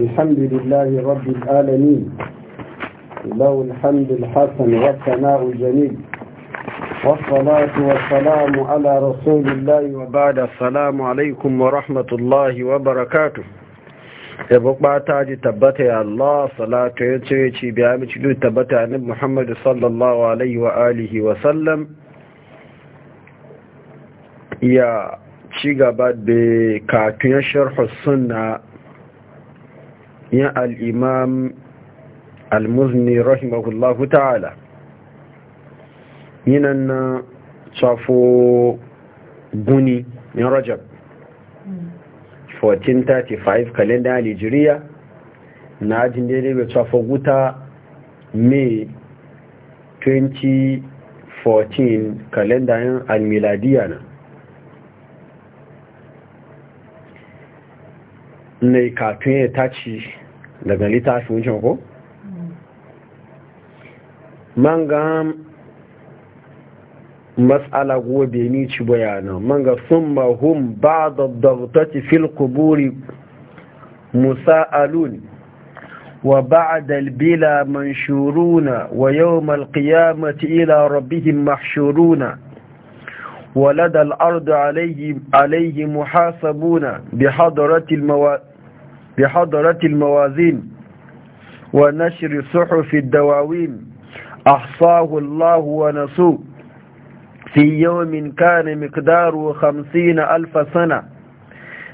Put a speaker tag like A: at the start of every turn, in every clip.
A: الحمد لله رب العالمين له الحمد الحسن والثناء الجميل والصلاة والسلام على رسول الله وبعد السلام عليكم ورحمة الله وبركاته yabba ta ji tabbata ya Allah salatu ya ce ci biya mi cilu tabbata annabi Muhammad sallallahu alaihi wa alihi wa sallam ya ci gaba da katun sharh sunna ya al'imam al-muzni rahimahullahu ta'ala yinan na tsafo guni ya rajab 1435 kalenda alijiriya na ajin daidai bai tsafo guta may 2014 kalenda yin almiladiya na na ikatun ya taci daga littafin wucin ko? man ga matsala gobe ni ci bayanan man ga sun mahum ba da dautati fil kuburi musa'alun wa ba'da albila manshuruna wa yawmal qiyamati ila rabbihim mahshuruna ولدى ardu عليه, muhasabuna bi بحضرة المواد بحضرة الموازين ونشر صحف الدواوين أحصاه الله ونسوه في يوم كان مقداره خمسين ألف سنة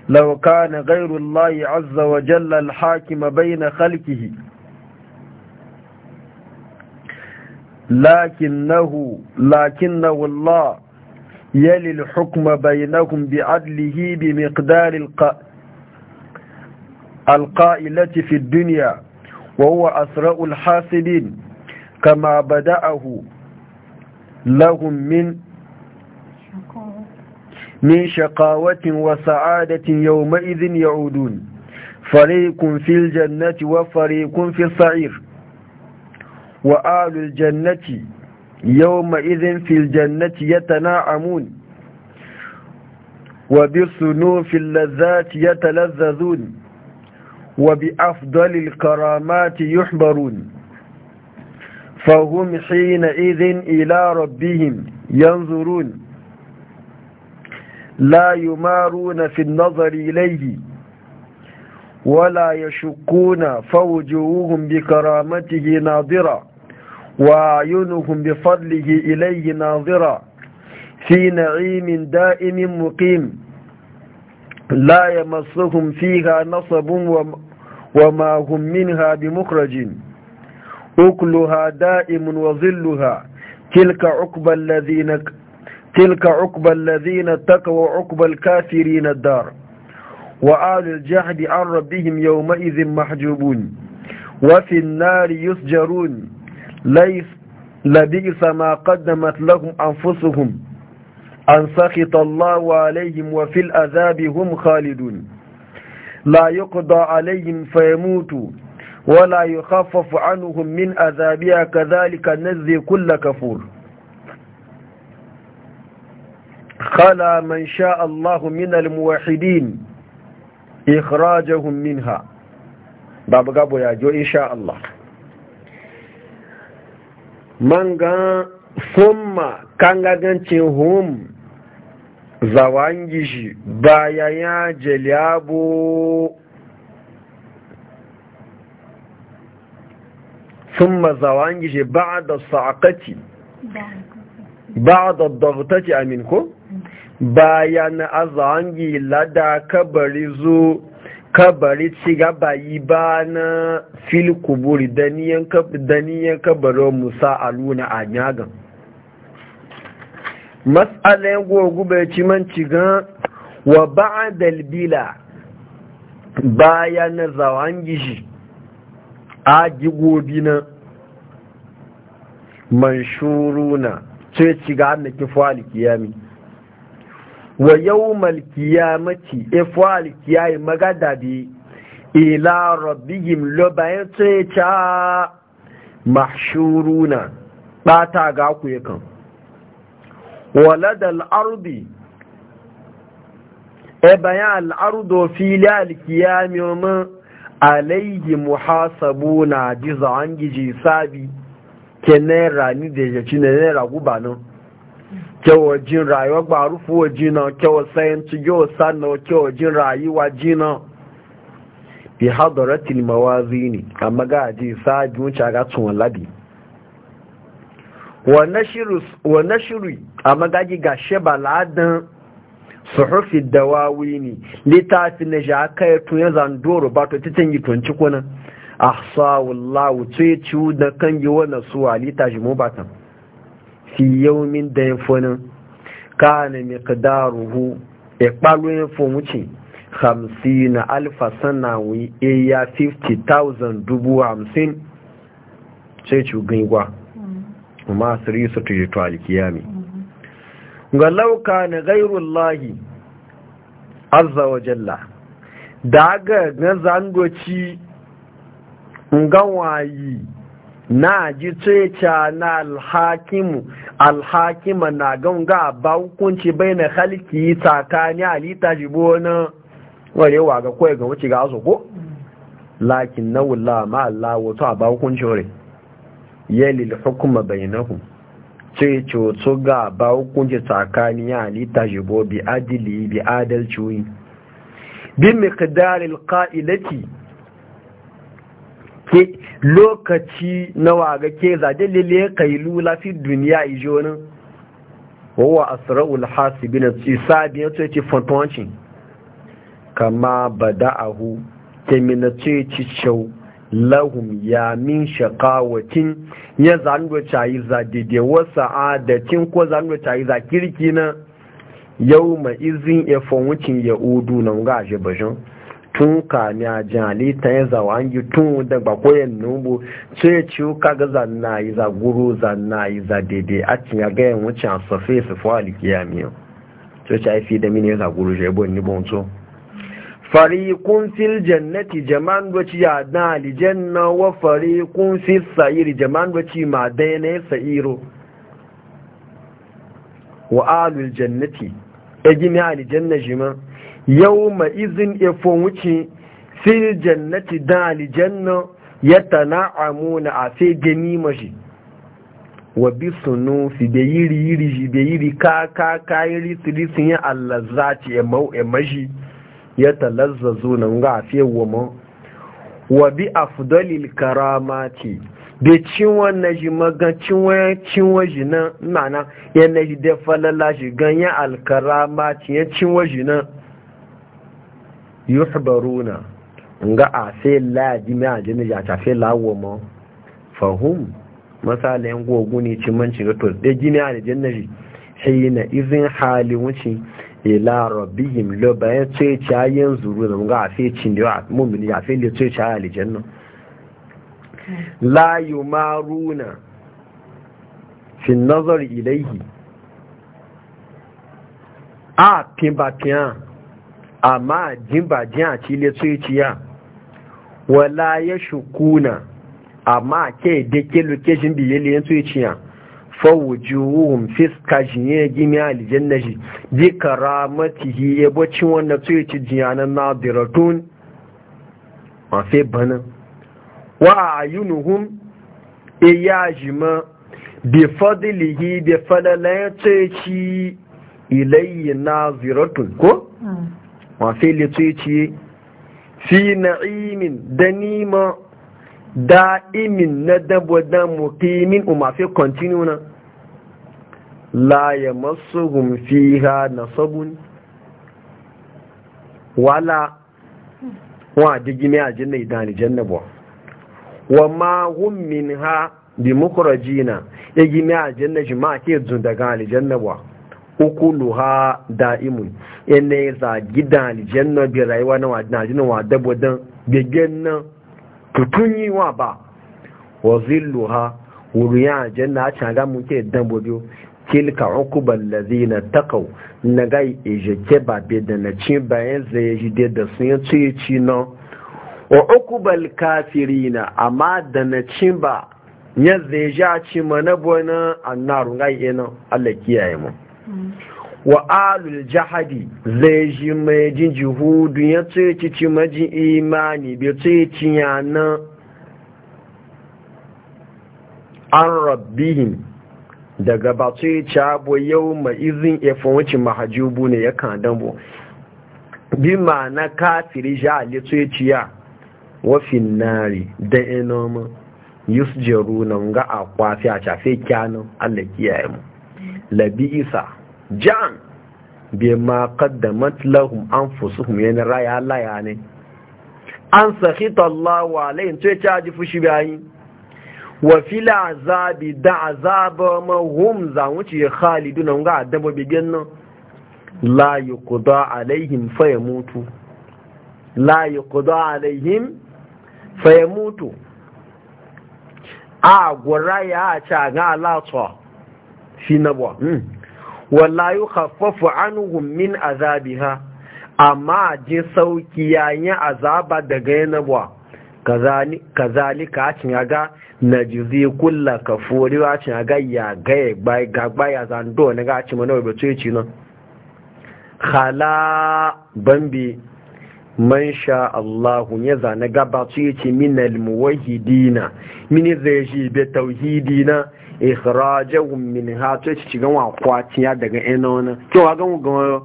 A: لو كان غير الله عز وجل الحاكم بين خلقه لكنه لكنه الله يلي الحكم بينهم بعدله بمقدار القتل القائلة في الدنيا وهو أسراء الحاسدين كما بدأه لهم من من شقاوة وسعادة يومئذ يعودون فريق في الجنة وفريق في الصعير وآل الجنة يومئذ في الجنة يتناعمون وبصنوف اللذات يتلذذون وبأفضل الكرامات يحبرون فهم حينئذ إلى ربهم ينظرون لا يمارون في النظر إليه ولا يشكون فوجوههم بكرامته ناظرة وعينهم بفضله إليه ناظرة في نعيم دائم مقيم لا يمسهم فيها نصب وما هم منها بمخرج أكلها دائم وظلها تلك عقبى الذين تلك عقبى الذين اتقوا عقبى الكافرين الدار وآل الجهد عن ربهم يومئذ محجوبون وفي النار يسجرون ليس لبئس ما قدمت لهم أنفسهم أن سخط الله عليهم وفي الأذاب هم خالدون لا يقضى عليهم فيموتوا ولا يخفف عنهم من عذابها كذلك نزي كل كفور خلا من شاء الله من الموحدين إخراجهم منها باب قابو يا جو إن شاء الله من قام ثم كان غنشهم zawangi shi bayan ya jaliabo sun zawangi shi ba da sa'akaci ba da dautaci amin ko bayan zawangi lada kabari zo kabari ci gaba yi ba na fil kuburi daniyan kabarin musa aluna a nyagan matsala ya gogu bai ci manci gan wa ba'adal bila baya na zawon gishi a gigobi na manshuruna ce ci ga annaki fuhal kiyami wa yau malkiyamaci ifuhal e kiyayi magada bi ila rabbihim lo bayan ce ca na. ba ta ga ku yakan walada al'ardi e bayan al'ardo fili alkiyami mu alayhi muhasabu na jiza an giji sabi ke naira ni da yaci ci naira guba nan kyawar jin rayuwa ba rufuwa jina kyawar sayan ci yau sannan kyawar jin rayuwa jina bi hadaratil mawazini amma ga ji sabi wuce ga tun labi wa nashiru a magaji ga sheba ladan suhufi dawawi ne littafi na ja kai ya tuya zandoro ba to titin yi tunci kunan a sawullahu tsaye ciwu da kan yi wannan suwa littafi mu ba ta fi yau min da yin funin ka na mai ruhu ya e kpalo yin wuce hamsi na alfa sana wuyi e ya 50,000 dubu hamsin sai ciwu gani gwa kuma su tujito alkiyami ga lauka na gairullahi azza wa jalla da ga na zangoci ganwayi na ji ceca na alhakimu alhakima na ganga ba hukunci bai na halki tsakani alita jibo na warewa ga kawai ga wuce ga aso ko lakin na wula ma wato a ba hukuncin Yalil hukuma bainahu. ce coco ga ba hukunci tsakani ya halitta jibo bi adili bi adalci wuyi bi miqdaril qa'ilati ke lokaci na waga ke zaje lele kailula fi duniya nan wawa asra'ul hasibin isabi ya ce fantoncin kama bada'ahu ke minace ci cewa lahum ya min shaqawatin ya zando cayi za dede wasa sa'adatin ko zando cayi za kirki na yau ma izin ya wucin ya udu na ga ashe bashin tun ka ni a jali ta ya zawa an yi tun da ba koyan nubu ce ci ka ga zanna yi za guru zanna yi za dede a cin ya gayan wucin a safe su fa alikiya miyo ce ce ai fi da mini ya za guru shi ya bo ni bon so kun fil jannati jaman baci ya dan aljanna wa fariqun fil sa'iri jaman baci ma dane sa'iro wa alul jannati ejini alijanna jima ma izin efon wuce fil jannati dan aljanna yatana'amuna a sai gani mashi wa bi sunu fi da yiri yiri shi da yiri ka ka ka yiri sirisin ya allaza ya e mau e mashi ya talazza na nga afiye wamo wa bi a afdalil karamati da ciwon na shi magan ya ciwon shi nan mana ya na shi da falala shi ganyen alkaramati ya cinwon shi nan yuhbaruna nga afe laji mai jini ya tafe lawomo fahim yan gogu ne cin ga to da gini a da jannari shi na izin halin wuce ila rabbihim lo bayan ce ca yin zuru da muga a fecin da yawa mummuni a fele ce ca alijan nan la yumaruna fi nazar ilaihi a pimbatiyan amma jimbajiyan a cile ce ciya wala ya shukuna amma ke dake lokacin biyeliyan ce ciya fawujuhum fiska jinye gimi aljanna ji bi karamatihi ya bacin wannan tsoye ci jiyanan nadiratun a fe bana wa ayunuhum iya e jima bi fadlihi bi fadalayen tsoye ci ilayyi naziratun ko wa hmm. fe le tsoye ci fi na'imin da nima da'imin na dabba muqimin umma fi continue na gumfi ha na sabon wala wa digime a jinna idan janna bo wa ma hum minha bi mukhrajina igime a janna ma ke zun daga aljanna ukulu ha da'imun ene za gidan aljanna rayuwa na wa wadannan gaggen nan tutun yi wa ba wa zilluha wuriya janna a ke muke dambobi tilka lazi na takau na gai ejeke ba be da na ci bayan zai ji da da sun yi ci na wa kafiri na amma da na ci ba ya zai ji a ci mana buwanan annaru gai yana allah kiyaye mu mm. wa alul jahadi zai ji mai jin jihudu ya tsoci ci maji imani bai tsoci yana an rabbihim daga ba tsoci abu yau mai izin efon wuce mahajubu ne ya kan dambo bi ma na kafiri ja ali tsoci ya wafin nari da enoma yusjeru na nga akwafi a shafe kyanan allah kiyaye mu labi isa jan bi ma qaddamat lahum anfusuhum yana raya ya ne an sakhita Allah wa alayhim to ya ji fushi bayi wa fil azabi da azaba ma hum za wuce khaliduna ga adaba bi nan la yuqda alaihim yamutu la yuqda alaihim yamutu a gwara ya a ga alatwa shi na buwa hmm. wala khafafu anhum min azabiha amma ji sauki yayin azaba daga yanawa ka cin aga na jizi kulla kafuri wa cin aga ya gaya ga ya zando na cin mana wa ce ci nan khala bambi man sha Allah ya zana gaba su yi minal muwahidina mini zai shi be tauhidina ikhrajahum min ha to ci cigan wa kwatiya daga ina wani cewa gan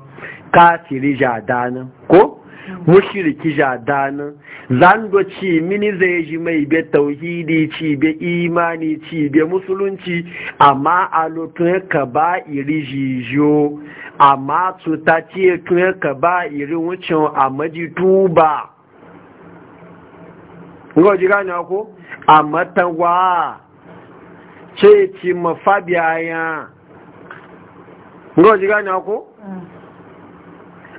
A: ga tiri jadana ko mushriki jadana zando ci mini zai ji mai be tauhidi ci be imani ci be musulunci amma a lotun ka ba iri jijo amma tuta ci tun ka ba iri wucin a maji tuba Ngo ji gane ko? A matangwa ce ci mafabiyaya ga jiga ne ko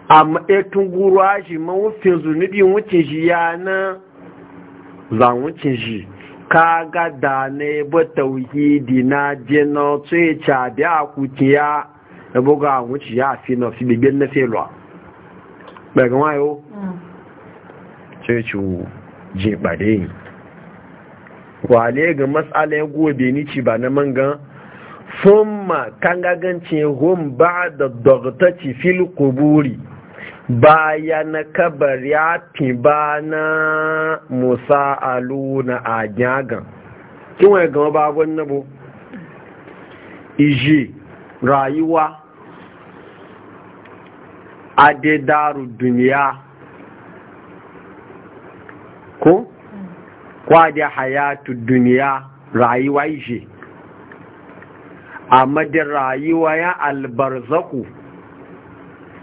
A: amma etun guruwa shi ma wufin zunubi wucin shi ya na zanwucin shi ka ga da na ebe tauhidi na jina tso e ya e ci abi a kuki ya ebe ga wuci ya fi na fi bibin na felwa ɓaga wayo ce mm. ci ji ɓade yi wale ga matsala ya gobe ni ci ba na mangan sun ma kangagancin hum ba da dogtaci fil kuburi baya na kabar ya ba na musa alu na agyagan kin waye gama babon nabo iji rayuwa adedaru duniya ko kwaje hayatu duniya rayuwa ishe a madin rayuwa ya albarzaku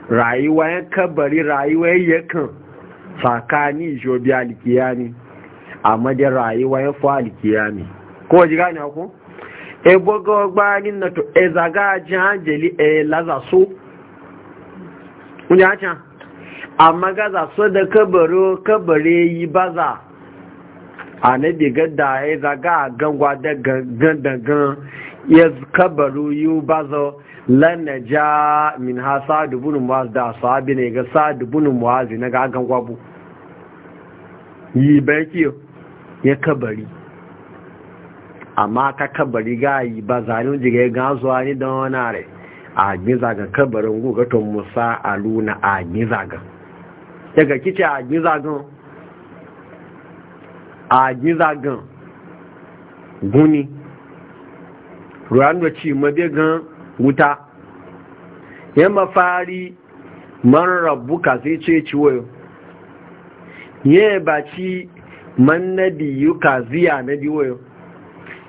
A: rayuwa ya kabari rayuwa ya kan tsakani isho biya likiya ne a madin rayuwa ya fi alikiya ne ko ji gani haku? e gbogbo gbanin na to e zaga ji hanjeli e laza so kunye hacan amma gaza so da kabaro kabare yi baza annabi gadda ya zaga gangwa da gangan ya kabaru yi ba zo lanna ja min ha sa'adu bunin muwazi da abi ne ga sa'adu bunin muwazi na ga gangwa bu yi barki ya kabari amma ka kabari ga yi ba zanen jiga ga zuwa ni don wani rai a giza ga kabarin gugaton musa a luna a giza ga daga kice a giza gan a gizagan guni ruwan da ci gan wuta ya mafari man ka sai ce ciwo ya ba ci man na biyu ka ziya na biyu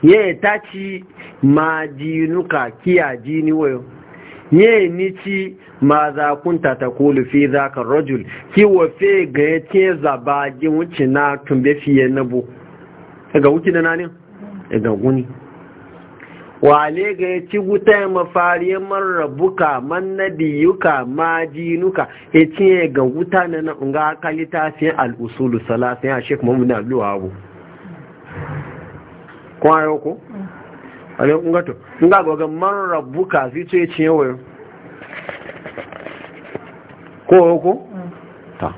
A: ya ta ci ma jinuka kiya jini wayo ya ni ci ma za kunta ta kulu fi za ka rajul ki wafe ga ya ce zaba ji wuce na tumbe fiye na bu e ga wuce da nanin e ga guni wale ga ya ci wuta ya mafari ya buka man na biyuka ma jinuka ya ci ga wuta na na nga kalita fiye al'usulu salasa a shek mamu na biyu abu kwayo ko? Mm. alaikun gato nga goga marar rabbuka zai ce ya ci yawayo ko ko ta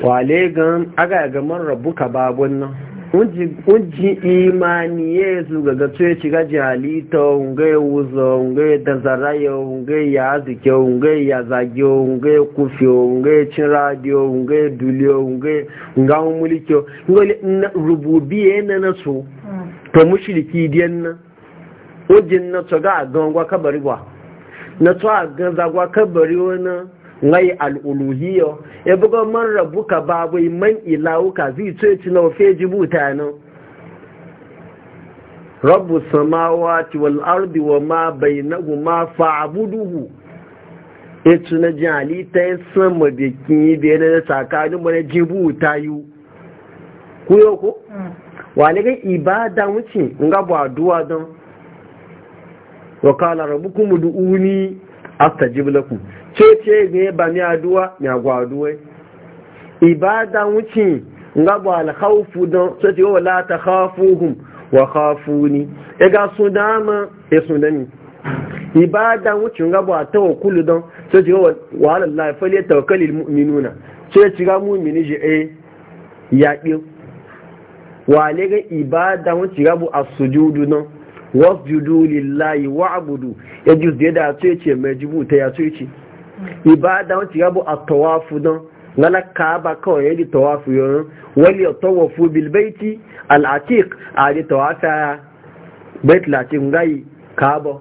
A: wale gan aga ga man rabbuka babun nan unji imani yesu ga ga tsoye ci ga jihalita unge wuzo unge danzaraye unge ya azike unge ya zage unge kufi unge cin radio unge dule unge nga mulki ngole rububiye na na so
B: mm.
A: to mushriki diyan nan ujin na so ga gangwa kabari ba na to a gan zagwa kabari wani ngai al'uluhiyo ya buga man ka babu man ilawuka zai ce ci na ofe jibuta nan rabu samawati wal ardi wa ma bainahuma fa'buduhu ya ci na ji halitta ya sama da kinyi da yana da tsakanin mana jibuta yi kuyo ko mm. wani ga ibada wuce nga ba duwa don wa kala rabbukum ud'uni astajib lakum ce ce ne ba mi aduwa mi agwaduwe ibada wuci nga ba al khawfu don so ce wala ta khafuhum wa khafuni e ga su dama e su dani ibada wuci nga ba kulu don so ce wa ala allah falyatawakkalul mu'minuna ce ce ga mu'mini je e ya biyo Wa ga ibada wuci ga bu as-sujudu don wasjudu lillahi wa'budu ya ji da da to yace mai jibuta ya to yace ibada wanci gabu at kaaba kawai ya di tawafu yon wal yatawafu bil baiti al-atiq a di tawafa bait latin ngai kaaba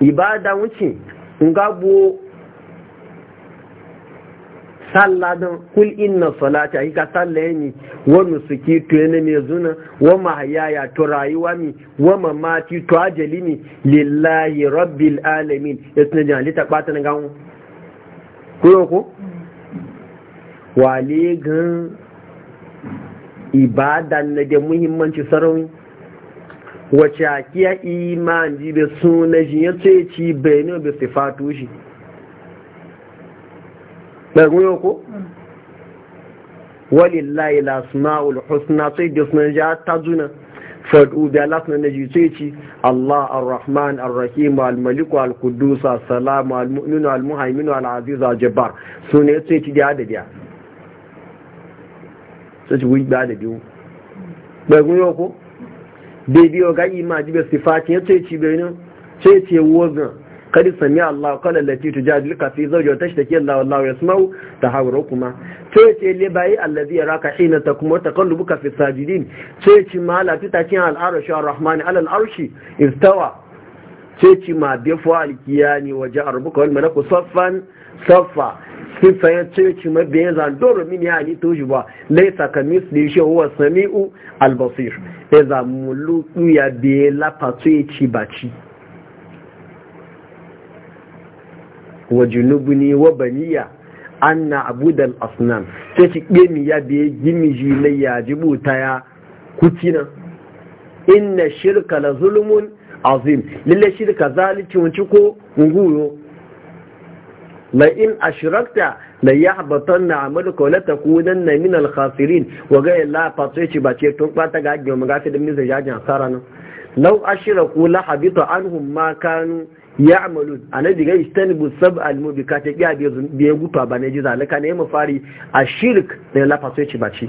A: ibada wanci ngabu sallah don kul inna salata ka sallah yani wa nusuki to ne mai zuna wa mahayaya to rayuwa mi wa mamati to ajali mi lillahi rabbil alamin ya suna jina lita ɓata na gawo kuro ko wale gan ibada na da muhimmanci sarauni wace akiya iman ji da suna shi ya ce ci bayanin da sifatu shi ɗargun yau ko? walillahi lasma'ul husna sai da suna ja ta juna fadu da lasna na jice ci Allah ar-Rahman ar-Rahim al maliku al kudusa salamu al muminu al muhaiminu al-Aziz al-Jabbar ne sai ci da da da sai ci wuyi da da biyu ɗargun yau ko? bai biyo ga ima jibe sifati ya sai ci bai nan sai ce wogan kada sami Allah kala lati tu jadil ka fi zawjo tashtaki Allah wallahu yasma'u tahawurukuma to yace le bai allazi yaraka hina takum wa taqallubuka fi sajidin to yace ma lati ta kin al arshi ar rahman ala al arshi istawa to yace ma bi fu al kiyani wa ja rabbuka wal malaku saffan saffa kifa yace yace ma bi zan doro min ya ni tujuba laysa kamithli shi huwa sami'u al basir idza mulu ya bi la patu yace bachi wa junubuni wa baniya anna abudan asnan sai shi gemi ya biye gimi ji na ya buta ya kucina inna shirka la zulmun azim lalle shirka zalici wuce ko guyo? la in ashrakta la yahbatanna amaluka la na min al khasirin wa ga la fatwe ci bace tun kwata ga gemi ga fi da miza jajin asara nan law ashraku la habita anhum ma kanu ya amalu na ga istanbul sab almubi ka ta kiya biye gutu ba ne ji zalika ne mu fari a shirk ne lafa ba ci baci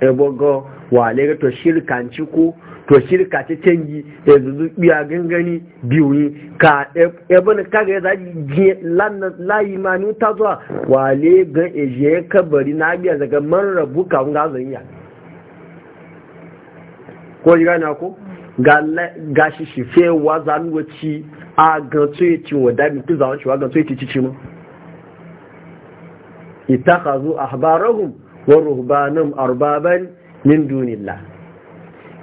A: ebogo wa lega to shirka ci ko to shirka ta canji da biya gangani biyu ni, ka ebana kaga ya zaji layi ni ta zuwa wa lega ya kabari na biya daga man rabu kawun gazon ya ko ji na ko ga shi shi fewa zanuwaci a gantso ya ci wa dami tun zawon cewa gantso ya ci cici mu ita ka zo a habarahun wa e ruhbanin arbaban min dunilla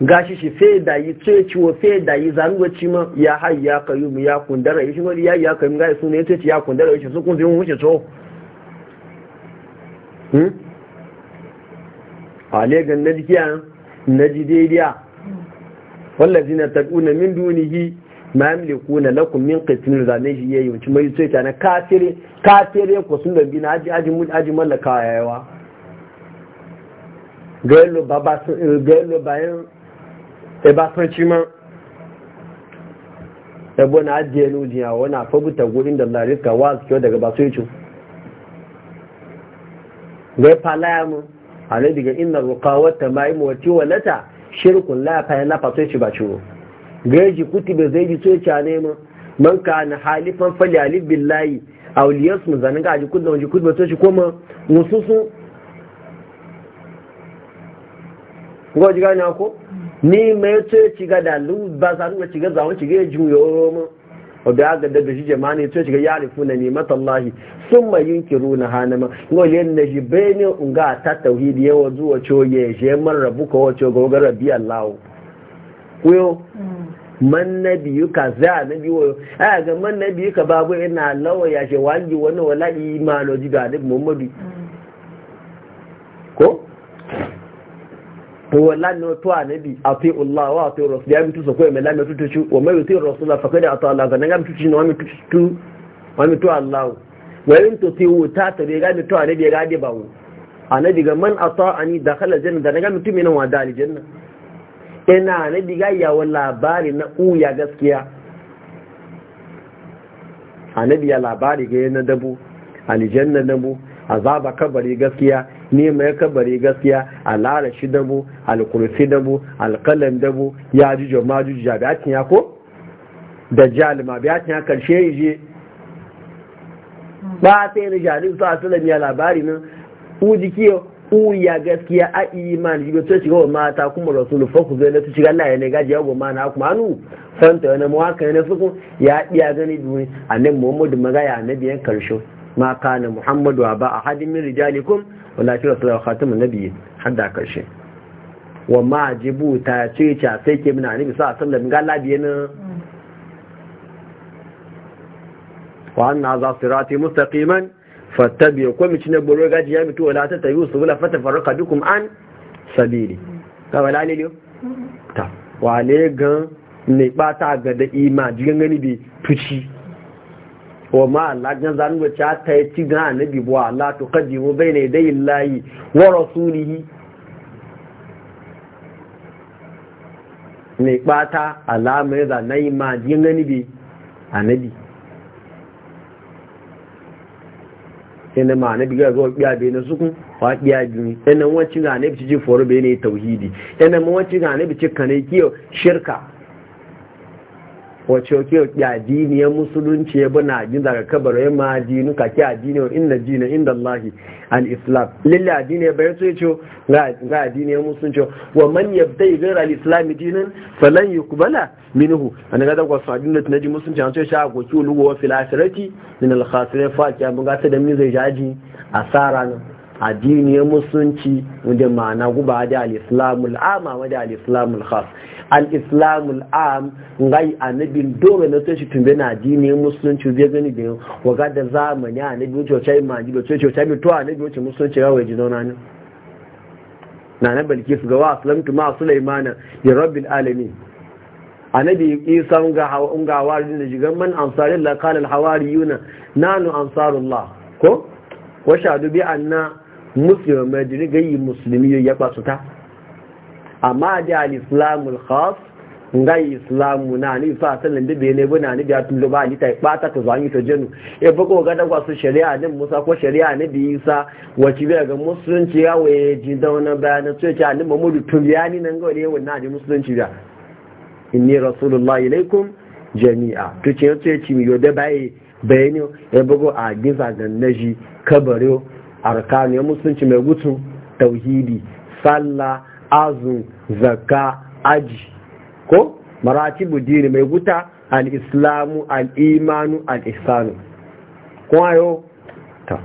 A: ga shi shi fe da yi tso e ci wa fe da yi zanuwaci ma ya hayi ya kayu mu ya kundara ya shi wani ya yi ya kayu mu ga e su ne ya tso ya kundara ya shi su kun zai wuce tso hmm? a legan na jikiya na jidediya na tad'una min dunihi ma yamlikuna lakum min qitin zane shi yayi wancan mai sai ta na kafire kafire ko sun da bina aji aji mun aji mallaka yayawa gaelo baba eh, gaelo bayan e ba san ci ma e bona ajiye nu jiya wana fabuta gurin da Allah wa su daga ba sai ci ga falamu alai daga inna ruqawata ma'imu wa tiwalata shirkun la fa la fa sai ci ba ciwo gaji kuti bai zai ji sai ca ne mu man na halifan fali alif billahi aw liyasmu zanin ga ji kudin ji kudin sai ci koma mususu gani ako ni mai sai ci ga da lu ba sa ruwa ci ga zawo ci ga juyo mu wadda ya gada da shi jama'a ne shiga yari funa na matallahi Allah sun mai yunkiru na hanama wani yan na shi bene unga ta tauhidi yawa zuwa coge shi man rabu ka wace ga wagar rabi allahu kuyo
B: mm.
A: man na biyu ka za na biyu a ga man na biyu ka babu ina lawa ya shi wangi wani wala imanoji da muhammadu mm. to wallahi no to ati Allah wa ati rasul ya mutu tutu shi wa mai yuti rasul fa kada ata Allah ga mutu shi wa wa Allah wa in to ti wuta ta be ga mutu annabi ga de bawo ga man ata ani dakhala janna da mutu min wa janna ina ga ya wala na uya gaskiya ya labari ga dabu aljanna dabu azaba kabari gaskiya ne mai kabari gaskiya shi dabu alkurfi dabu alkalan dabu ya jujo ma jujo ya biya tinya ko da jalima biya tinya karshe yi je ba a sai ni jalin su asalin ya labari nan uji kiyo uya gaskiya a iman jibe to shiga wa mata kuma rasulu faku zai lati shiga Allah ya ne gaji wa ma na kuma anu santa wani mawaka ne suku ya iya gani duni nan Muhammadu magaya na biyan karshe ma kana Muhammadu a hadin min rijalikum wala kira sallallahu khatamun nabiyyi da karshe wa ma jibu ta ce ta sai ke muna annabi sa alaihi mun ga labiye na wa anna za sirati mustaqiman fattabi'u ko mi cine boro gaji ya mutu wala ta tayu subula fatafarraqa bikum an sabili ka wala ne liyo ta wale gan ne ba ta ga da ima jigan gani bi tuci wa ma Allah gan zan wuce ta yi ci ga annabi bo Allah to qaddimu bayna yaday Allahi wa rasulihi ne bata alama ya zanai ma jin ni bi annabi inda ma annabi ga zo biya bai na sukun wa biya biyu inda wancin annabi ci ji foro bai ne tauhidi inda wancin annabi ci kane kiyo shirka wacce ke addiniyar musulunci ya buna jin daga kabar ya ma dinu kake ke addiniyar inna dinu inda Allahi an islam lalle addiniyar bayan so ya ga addiniyar musulunci wa man yabda yi gara al jinin falon yi kubala minuhu a na gada kwasu addiniyar na ji musulunci an sai sha goki olugo wa filasirati min al-khasirai fa ki abin da min zai jaji asara nan addiniyar musulunci wanda ma'ana guba da al-islamul ama da al-islamul khas al-islamul am ngai annabin dole na sai shi tumbe na addiniyar musulunci zai gani da waga da zamani annabi wuce wacce ma ji wuce wacce mi to annabi wuce musulunci ga waje zauna ne na na balki su ga wa aslamtu ma sulaimana ya rabbil alamin annabi isa ga ga wajin da jigan man ansarillah qala al-hawariyuna nanu ansarullah ko wa shahadu bi anna musulmi mai diriga yi musulmi ya kwasu ta amma da al-islamul khas nga islamu na ni fa sallan da bene bana ni da tullo ba ni tai bata to zanyi jenu e bako ga shari'a din Musa ko shari'a ne bi Isa wace bi ga musulunci ya waye ji da wannan wani wannan arkani ya musulunci mai gutun tauhidi salla azun Zaka, aji ko marati dini mai guta al-islamu al-imanu al-ihsanu kwayo ta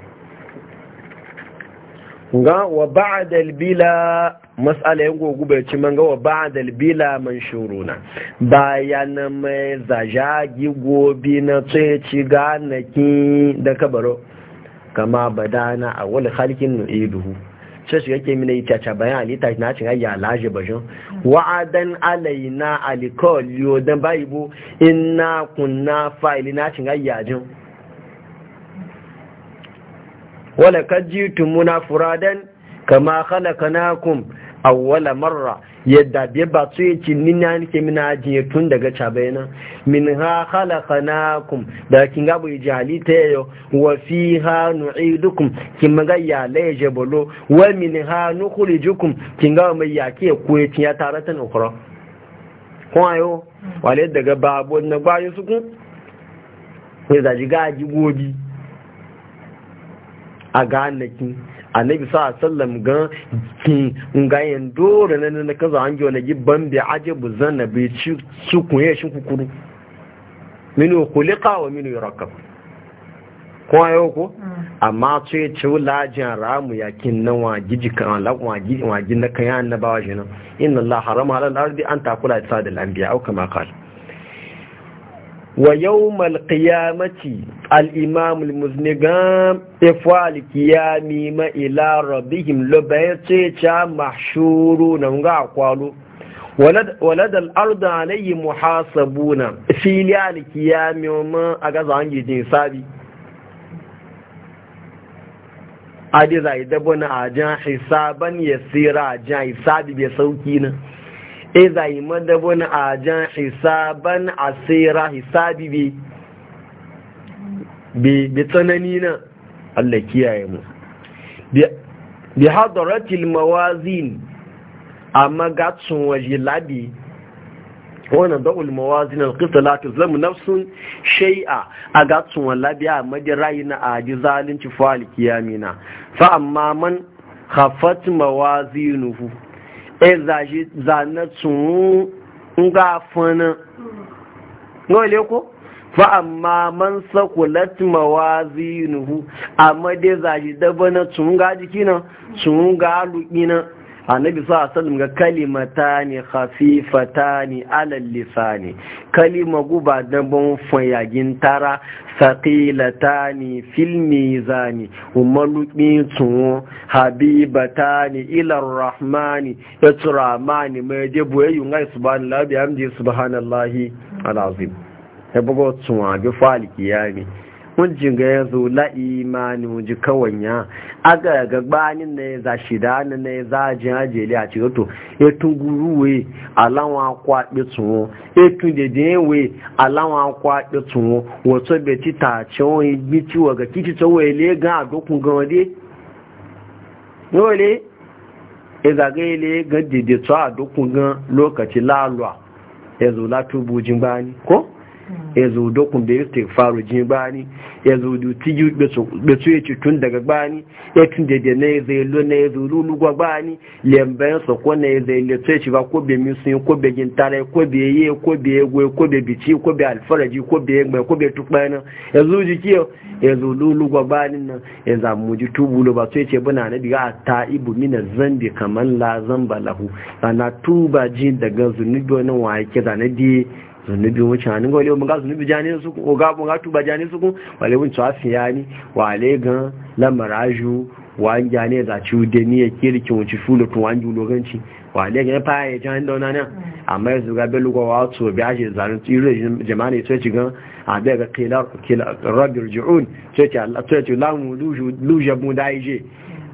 A: ga wa al bila mas'ala yango gogu ci man ga wa al bila manshuruna bayan mai zajagi gobi na tsaye ci ganaki da kabaro kama badana a wani halkin nu'iduhu sai su yake mina ita bayan alita na cin ayya laje bajin wa'adan alaina alikoliyo dan bayi bo ina kunna fa'ili na cin ayya jin wala kajitumuna furadan kama khalaqnakum awwala marra yadda bai ba su yi nina mina ajiye tun daga cabaina min ha khalaqnakum da kin ga bai jali ta yayo wa fiha nu'idukum kin maga ya laje bolo wa min ha nukhrijukum kin ga mai yake ko ya tiya taratan ukra ko ayo wale daga babu na bayu kun ne da jiga gobi a ga annabi sa sallam ga ngayen dore nan na kaza an gona gibban bi ajabu zanabi su kuye shi kukuru minu khuliqa wa minu yurakkab kuma yau ko mm. amma ce ce lajin ramu yakin nan wa giji kan wa giji wa gin na kayan bawa shi nan inna allah harama al ardi an takula sadal anbiya aw kama qala wa yawmal qiyamati al'imam al-muznigam efuwa alkiyami ila rabihim lobayin ceca mashuru na nga kwalo waladal arda alayhi muhasabuna fili alkiyami ma a gaza an yi sabi adi zai dabo na ajan hisaban ya tsira ajan hisabi bai sauki na e zai madabo na ajan hisaban asira hisabi bai bi tsanani na Allah kiyaye mu bi hadaratil mawazin amma gatsun waje labi wani da'ul mawazin alkisa latin zama nafsun shai'a a gatsun labi a rayu na aji zalunci fa'al na. fa amma man hafat mawazinuhu e zaje zanatsun ga fana ko fa amma man sakulat mawazinuhu amma dai zaji daba na tunga jiki na tunga luki na annabi sa sallam ga kalimata ne khafifata ne kalima guba daban fayagin tara saqilata ne fil mizani umaluki tunwo habibata ne ilar rahmani ya mai jebo yayin subhanallahi bihamdi subhanallahi alazim ya bugo tsuwa bi faliki ya ne wujin ga ya zo la'imani wuji kawanya aga ga gbanin ne za shida na na ya za ajin ajiyeli a cikin to ya tun guruwe alawan akwa ɗitsunwo ya tun dedewe alawan akwa ɗitsunwo wato bai ti ta ti kiti ta wa ile gan adokun gan wade ile adokun gan lokaci lalwa ya zo ko yanzu dokun da yake faru jini bani yanzu zo da tiji da su ya tun daga bani ya tun da da na ya zai lo na ya zo lulugwa bani lembayin sa ko na ya zai le sai ci ba ko be musun ko be gintare ko be ye ko be egwe ko be bici ko be alfaraji ko be egbe ko be tukbana ya zo jiki ya zo lulugwa bani nan yanzu zamu ji lo ba sai ce buna na diga ta ibu mina zambi kaman la zamba lahu ana tuba jin daga zunubi wani wa yake zane di zunubi wucin hannun ga olewun ga zunubi jani su kun ogabun ga tuba jani su wale walewun tsawa fiya ni wale gan lamaraju wa jani za ci ude ni ya kirkin wuci fulo tun wa ju loganci wale gan fa ya jani da wani amma yanzu ga belu ga wato bi aje zarin tsiro jama'a ne sai ci gan a da ga kila kilar rabbil ju'un sai ci Allah sai ci lamu luju lujabu da ije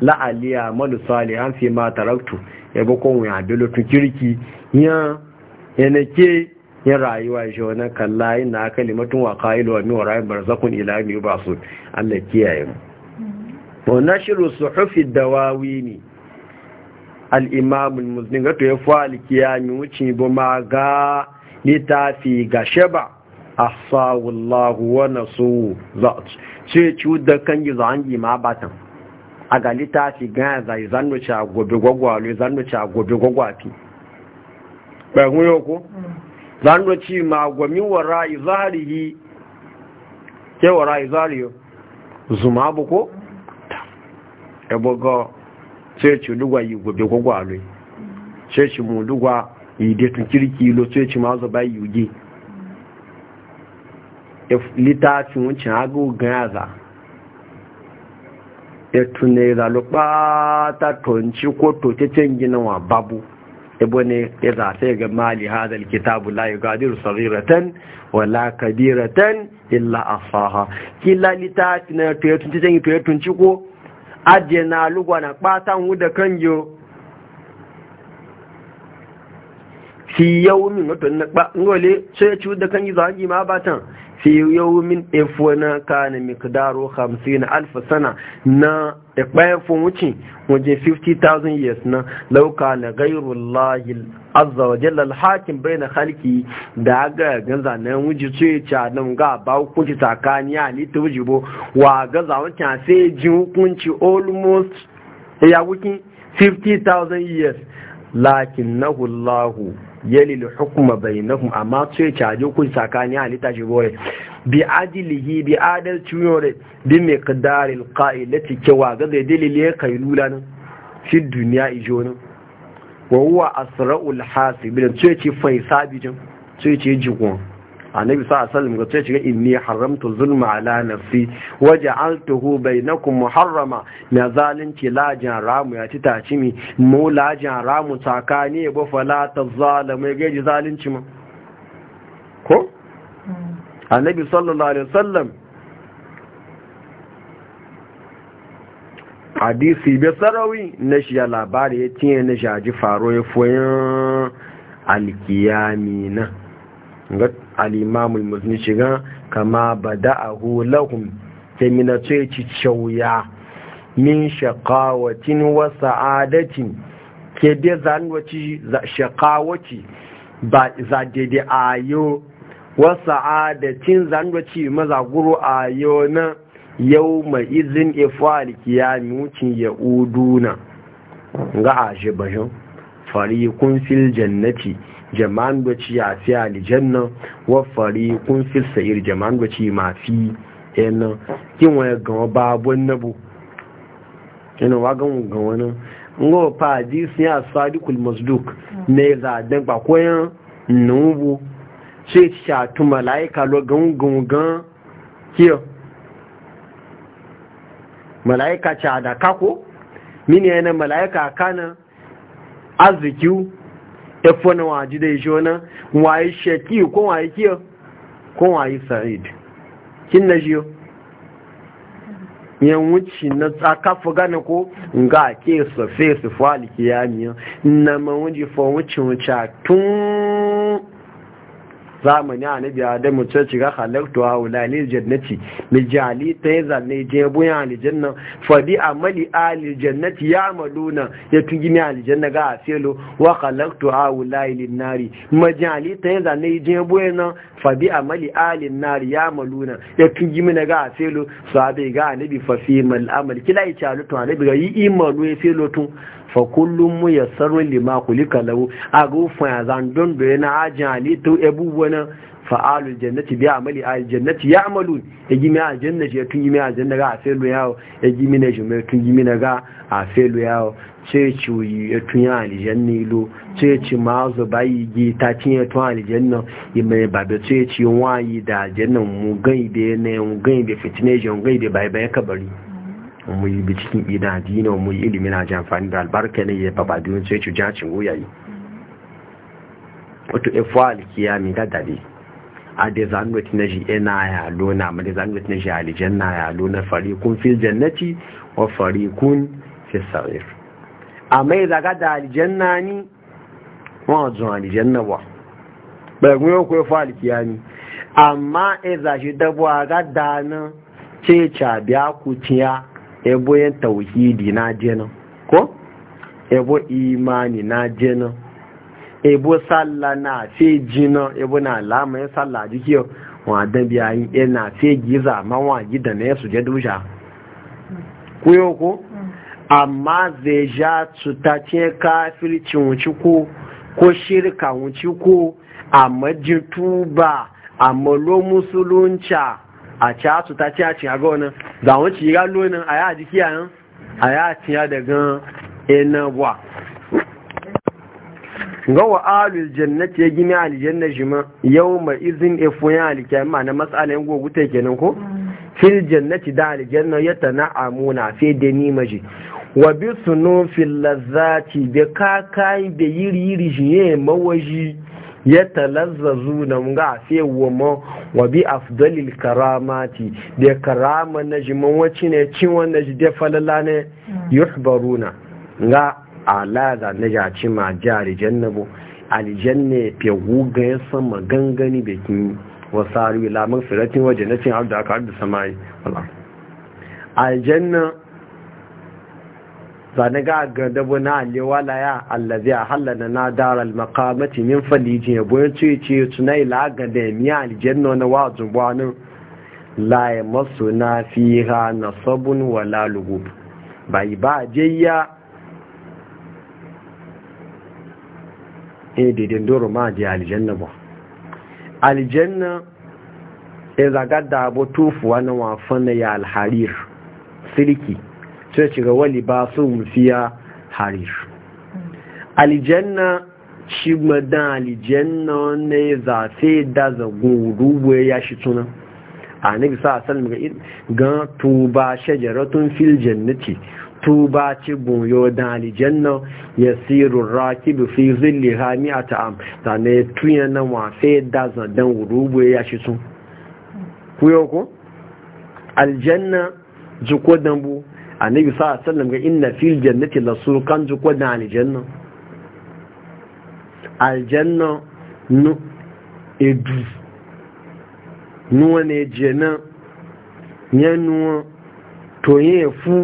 A: la aliya malu salihan fi ma taraktu yabo kon wa belu tun kirki ya yana ke yin rayuwa shi wani kalla yin na kalimatun wa ka'ilu wa miwa rayun barzakun ila mi ba su Allah kiyaye mu na shiru suhufi dawawi ne al-imam al-muslim gato ya fa al-kiyami wuce bu ma ga littafi ga shaba asawullahu wa nasu za ce ci da kan yi zangi ma batan a ga litafi ga zai zanno cha gobe gwagwalo gobe gwagwafi ba mu ko. zanu ci ma gwami wara izarihi ke wara izariyo zuma bu ko ebo go ceci lugwa yi gobe ko gwalo mu lugwa ide de tun kirki lo ceci ma zo bai yuge if litafin wucin agu gaza etu ne da lo pata tonci ko to te wa babu ibone ya zafe ga mali hadal kitabu la yugadiru sariratan wala kabiratan illa asaha kila litafi na tuyatun ci jangi tuyatun ci ko ajiye na lugwa na kpatan wuda kan yo fi yau min wato na kpa ngole sai ci wuda kan yi za ma batan fi na efona kana miqdaru 50 na alfa sana na ikbayan fun wuce waje 50000 years na lauka na gairu gairullahi azza wa jalla alhakim na halki da ga ganza na wuji ce cha nan ga ba hukunci tsakani ali to bo wa ganza za a sai ji hukunci almost ya wuki 50000 years lakin lakinnahu allah Yali yalil hukuma bainahum amma sai caje kun sakani halitta shi bore bi adilihi bi adal yore bi kadarin qa'ilati cewa ga zai dalili ya lula nan fi duniya ijo nan wa huwa asra'ul hasibin sai ce fai jin sai ce jikon annabi sa sallam ga ce inni haramtu zulma ala nafsi waja'altuhu bainakum muharrama na zalunci lajan ramu ya ci taci mi mu lajan ramu tsakani ba fala ta zalimai gaji zalunci ma ko annabi sallallahu alaihi wasallam hadisi bai sarawi na shi labari ya tiye na shaji faro ya foyan alkiyami na ga al'imamul muzni shiga kama bada a hulahun kemina ce ci cauya min shakawacin wa sa'adatin ke dai zanwaci shakawaci ba za daidai ayo wa sa'adatin zanwaci mazaguru ayo na yau mai izin ifali kiyami wucin ya uduna ga ashe bashin fari kun fil jannati jama'an gwaci a fi alijanna wa fari kun fi sa'ir jama'an gwaci ma fi yana kin wani gawa na nabo yana wagan gawa nan ngo fa hadisi ya sadikul masduk ne za dan ba koyan nubu sai cha tu malaika lo gan gan gan kiyo malaika cha da kako mini yana malaika kana azikiu efo wani waji da isho wani waye shaki ko waye kiyo ko waye sa'id kin na jiyo yan wuce na tsaka gane ko nga ke sofe su fali kiyami na ma wuce fa wuce wuce tun zamani a nabi adamu ce ci ga halartu a wulali jannati mijali ta yi zane je buya alijanna fadi amali alijannati ya maluna ya tugi mi alijanna ga aselo wa halartu a wulali nari majali ta yi zane je buya nan fadi amali alin nari ya maluna ya tugi mi na ga su sahabe ga nabi fafi mal'amal kila yi calu to nabi ga yi imanu ya selo tun fa kullum mu yassaru lima kuli lahu a rufin a zandon da yana ajin halittu abubuwa na fa'alul jannati bi amali a jannati amalu ya gimi a jannati ya tun gimi a jannati ga a felu yawo ya gimi na jimai tun gimi na ga a felu yawo ce yi ya tunya alijanni ilo lo ce ma zo bayi gi ta tin ya tun aljanna yi mai babu ce ci wani da jannan mu gai da yanayin gai da fitinajen gai da bayi bayan kabari mu yi bicikin ina dina mu yi ilimin na ji amfani da albarka ne ya baba biyun sai ci jacin goyayi wato efuwa alkiya mai dadade a da zanuwa tina ji ina ya lona ma da zanuwa na ji alijanna ya lona farikun fil jannati wa farikun fi sarif a mai zaga da alijanna ni wọn zun alijanna wa ɓargun yau kuwa efuwa kiya ni amma e shi dabuwa ga dana ce cabiya kuciya ebo yin tauhidi na jenan ko ebo imani na jenan ebo salla na fe jina ebo na alama yin salla jiki wa dan biya yin yana fe giza ma wa gida na yasu je dusha kuyo ko mm. amma zai ja ta ce kafircin wuci ko ko shirka wuci ko a majituba a malo musulunca a ci ta ci a ci haga wani ci ga lonin a ya jiki yayin a ya ci ya daga enawa gawa alul jannati ya gini shi ma yau mai izin efun ya alikai ma na matsalayin goguta kenan ko fil jannati da Jannat ya tana'amuna fi da ni maji wa bi sunufin lazzati da kakai da yiri yiri shi ne mawaji ya talazzazu na nga a fiye wa bi afdalil karamati da karama na jiman wacce ne cin wanda ji da falala ne yuhbaruna nga ala da na ja ci ma jari jannabo ne fiye guga ya sama magangani da kin wasaru ila na cin abu da aka da samai aljanna zane ga gadabu na alewa ya allazi a halana na daral makamati min faliji ya boye ce ce tunai la ga da miya aljanna na wa zubanin la ya masu na fiha sabun wa lalugu bai ba jayya eh didin doro ma je aljanna ba aljanna ya eh, zaga da abu tufuwa na wafan ya alharir sai ci ga wani ba su fiya harir alijanna shi madan aljanna ne zafe da zagun rubuwa ya shi tuna a nabi sa sallam ga tuba shajaratun fil jannati tuba ci goyo da alijanna ya siru bi fi zilli hami a ta'am da ne tuya na wafe da zadan rubuwa ya shi tun kuyo ku aljanna jiko dambu annabi sallallahu alaihi wasallam ga ina fil jannati lasurqan ju kwadna aljanna aljanna nu edu nu ne jena nyanuwa to yin efu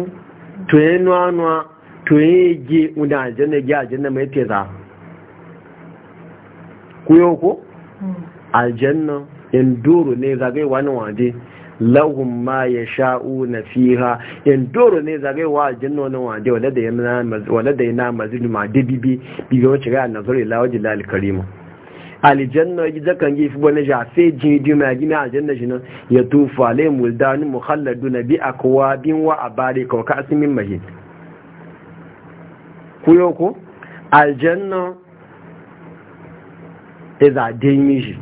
A: to yi nuwa to yin ge wanda aljanna ge aljanna mai teza kuyo ko hmm. aljanna yan doro ne zagaye wani waje lahum ma na fiha in doro ne zagai wa jinno nan wa de da yana wala da mazidu ma dibibi bibi wace ga nazari la wajhi lal karim aljanna yi zakan yi fubo na jafe jini biyu ma gina aljanna shi nan ya tufu alaihim wildan na bi bin wa abari ka kawaka asmin mahid kuyo ko aljanna iza dai miji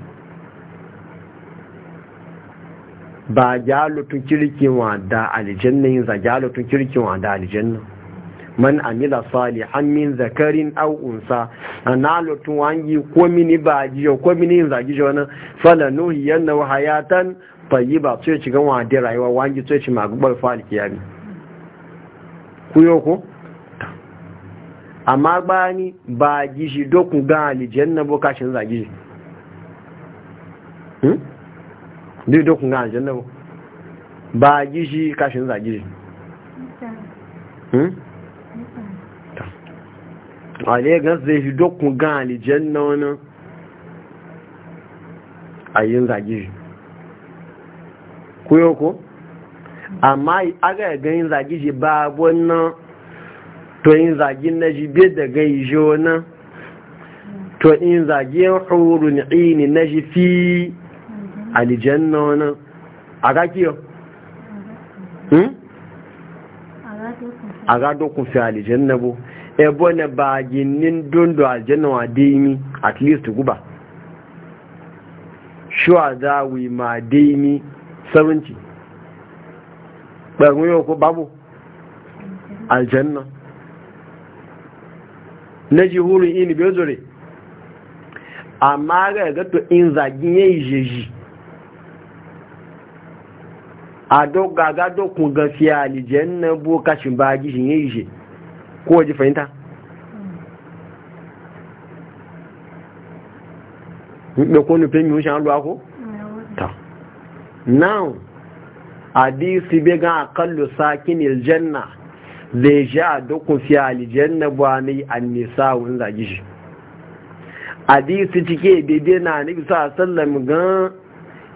A: ba jalutun kirkin wada aljanna yin za jalutun kirkin wada aljanna man amila salihan min zakarin aw unsa analutun wangi ko mini ba jiyo ko mini yin zagi jiyo nan fala nuhiyanna hayatan tayyiba sai ci gan wada rayuwa wangi sai ci magubar fali kiyami kuyo ko amma bani ba gishi dokun ga aljanna bo kashin zagi hmm? dai da na ga aljanna ba ba gishi kashin zagi gishi hmm? a ne gan zai shi dokun ga aljanna wani ayin zagi gishi kuyo ko amma aga ganin yin zagi shi ba wannan to yin zagi na shi bai da gai shi wannan to yin zagi yin hurun ne na shi fi alijanna na hmm? a gakiyo a gado kun fi bụ bu ebo na ba ginin dondo aljanna wa daimi at least guba shuwa za wi ma daimi 70 ɓarmi yau ko babu aljanna na jihurin ini bezore amma ga gato in zagin ya yi jeji a dogga ga dokun gafiya alijen na bo ba gishin ya yi shi ko waje fahimta da ko nufin yi shan alwa ko? ta now Adisi bai gan akallu sakin aljanna zai sha a kun fiye alijanna ba na yi annisa wurin zagi shi hadisi cike daidai na nabi sa sallam gan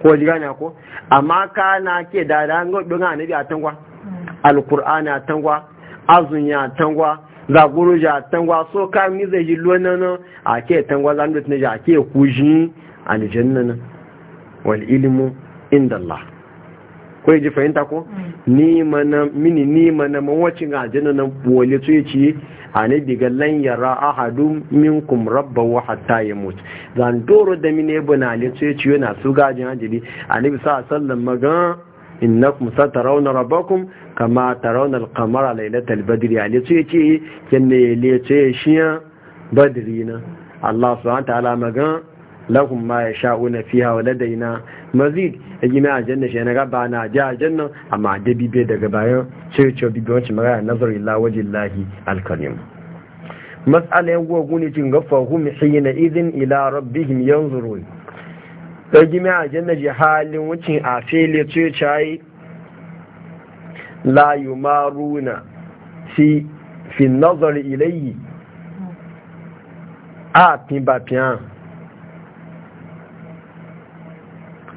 A: ko ji gane ko amma ka na ke da da an annabi a tangwa alqur'ani a tangwa azunya tangwa zaguru ja tangwa so ka mi zai yi lonan a ke tangwa zan dutne ja ke kuji aljanna wal ilmu inda Allah ko ya ji fahimta ko mm. ni mana mini ni mana na wacin aljanna nan wale to ya ci anabi ga lan yara ahadum minkum rabbahu hatta yamut zan doro da mini bana le to ya ci yana su gajin ajili anabi sa sallan maga innakum satarawna rabbakum kama tarawna kamar qamara laylatal badri ale to ya kenne le ya shiya na Allah subhanahu wa ta'ala maga lahum ma yasha'una fiha wa ladaina mazid ya yi a ajiyar nashi na gaba na ajiyar a janna amma da bibe daga bayan cewa bibe wacce magana nazar lawajin lahi alkarim matsala yan guwa gune cin gafa hum na izin ila rabbihim yanzuru ya yi a ajiyar nashi halin wucin a fele cewa yi fi fi nazarin ilayi a fi ba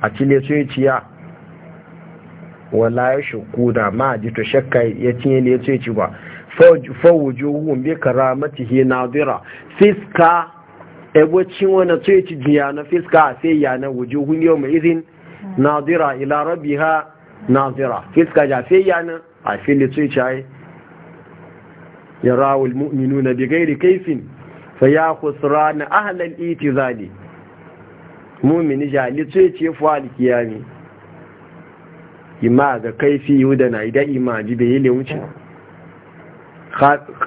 A: a cile su yi ciya wala ya shuku da ma ji to shakka ya cinye ne su yi ci ba fawujuhun bi na dira fiska ebocin wani su yi ci jiya na fiska sai ya na wujuhun yau mai izin dira ila na dira fiska ja sai ya na a fili su yi ciye ya rawul mu'minu na bi gairi kaifin fa ya kusura na ahalar zali mumini jali tsoye ce fuwa alkiyami ima ga kaifi yiwu da na idan ima ji bai yi lewuce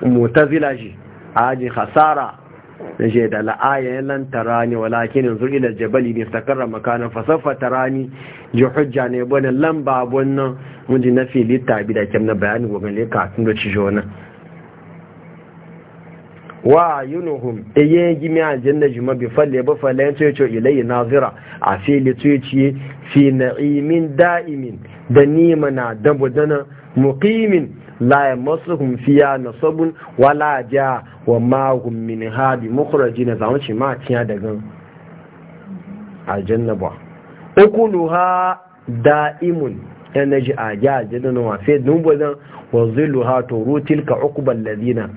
A: mutazila shi a ajin hasara na shi da la'ayayen lantara ne walakin yanzu ila jabali ne sakarra makanan fasafa tara rani, ji hujja ne bane lamba nan wajen na fili tabi da kyan na bayanin gwagwale kafin da ci shi wa yunuhum ye gimi aljanna juma bi falle ba falle ya ce ce nazira a fili ce fi na'imin da'imin da nima na dabo dana muqimin la yamassuhum fiya nasabun wala ja wa ma hum min hadi mukhrajin zamu ce ma tiya daga aljanna ba ukuluha da'imun yana naji a ja aljanna wa fi dun wa zilluha to rutilka uqbal ladina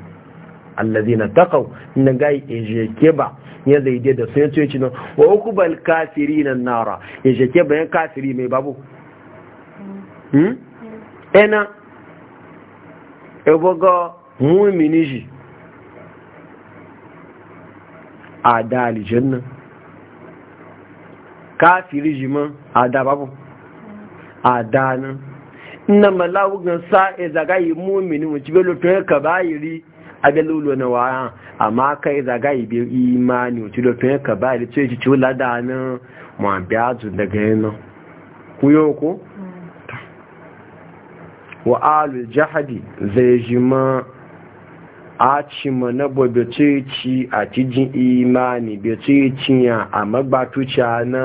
A: allazina taqaw inna gai ejeke ba ya zaide da sun yace cinan wa ukbal na nara ejeke ba yan kafiri mai babu hmm ena ga mu'mini ji adali janna kafiri ji man ada babu da nan inna malawu gan sa'i zagayi mu'mini mu ci belo to ka bayiri agalulo na waya amma kai zaga ibe imani o do pe ka ba ile tse ci da na mo biya zu daga ku kuyo ko wa alu jahadi zai jima a ci mana bo be tse ci a tijin imani be a ci ya amma ba na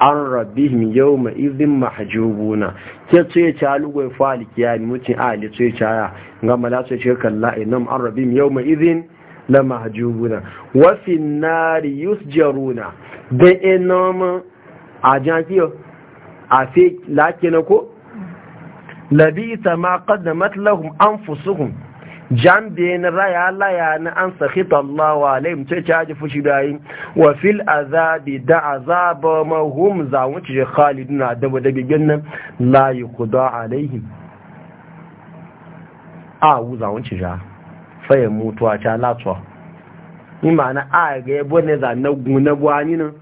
A: an rabbihim yawma izin mahjubuna ke ce ya ci faliki ya mutum mutin ali ce ya ya ga mala ce ce kalla inam an rabbihim yawma idhin la mahjubuna wa fi nari yusjaruna da enoma ajakiyo a fe lakina ko labisa ma qaddamat lahum anfusuhum jambe na raya laya na an sakhita Allah wa alaihim ce ce haji fushi da yi wa fil azabi da azaba mahum za wuce je khaliduna da da bigin nan la yuqda alaihim a wu za wuce ja mutu mutuwa ta latwa ni ma'ana a ga yabo ne za na guna gwani nan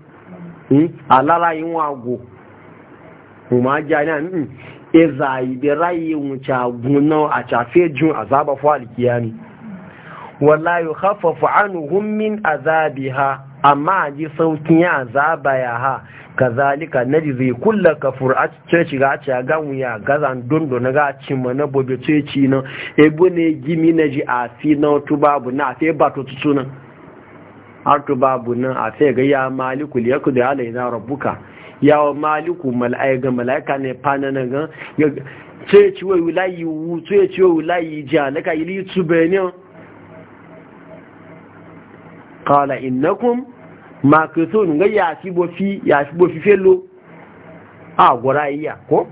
A: a lalayin wago kuma jani e zayi bi rayi wuce gunan a cafe jun ne. fa alkiyami wala hummin a zabi ha amma ji saukin ya zaba ya ha kazalika zai kulla kafur a ce ga ce ga wuya gazan dondo na ga ci mana bobe ce ci na ne gimi na ji a fi na otu babu na fe ba to tutu na har babu na a fe ga ya malikul lai na rabuka yawa maliku mala'aga mala'ika ne fananan gan ce ciwo wulayi wu ce ciwo wulayi ji alaka ili tubeni kala innakum makithun ga ya fi bofi ya a gora iya ko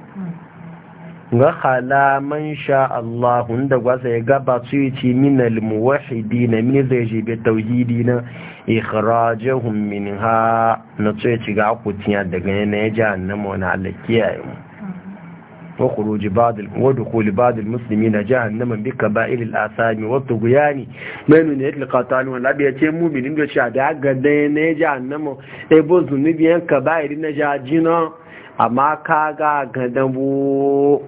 A: ga hala man sha Allah da gwasa ya gaba su yi ci minal muwahidi na min zai jebe tauhidi na ikhrajahum minha na tsoye ci ga akutiya daga yanayi jahannama wani Allah kiyaye mu wa khuruji badil wa dukhul badil muslimina jahannama bi kaba'il al asami wa tughyani menu ne yatlaqa ta'ala wa labiya ce mu'minin da sha da ga ne jahannama e bo zunubi yan kaba'il na jajina amma ka ga dambu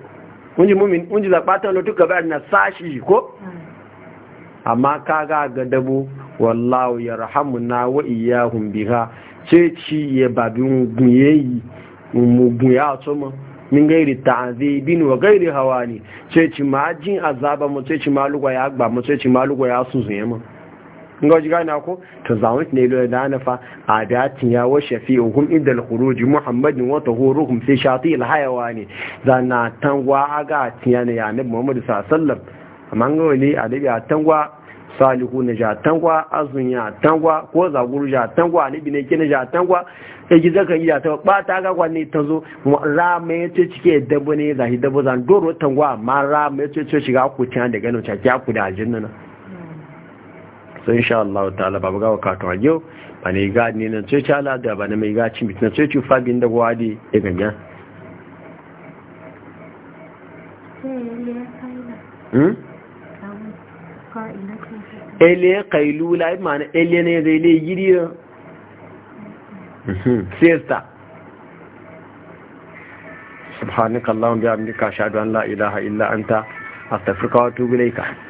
A: kunji mu'min kunji zakata lo tuka ba na sashi ko hmm. amma ka ga dambu wallahu na wa iyyahum biha ce ci ya mu guyeyi mugun ya tsoma min gairi ta'azibin wa gairi hawani ce ci ma jin azaba mu ce ci lugwa ya agba mu ce ci lugwa ya zuye ma ga ji gane ko to zawon ne lo da nafa adatin ya wa shafi'uhum inda al-khuruj muhammadin wa tahuruhum fi shati al-hayawani zana tangwa aga tiyana ya nabi Muhammadu sallallahu alaihi wasallam amma ngo ne adabi tangwa salihu na ja tangwa azun ya tangwa ko zaguru ja tangwa alibi ne kina ja tangwa ya e ji zakan iya ta ba ta ga kwani ta zo rama ya ce cike dabo ne zahi dabo zan doro tangwa ma rama ya ce ce shiga ku tiya da ganin caki ku da aljanna na so insha Allah ta'ala babu ga wakatu yau ba ne ga ne na ce la da ba ne mai ga cin bitin ce ci bin da gwadi e ya ganya Hmm? ele kailula yi mana ele ne zai le giri mhm. sesta subhanakallahumma bihamdika ashhadu an la ilaha illa anta astaghfiruka wa atubu ilayka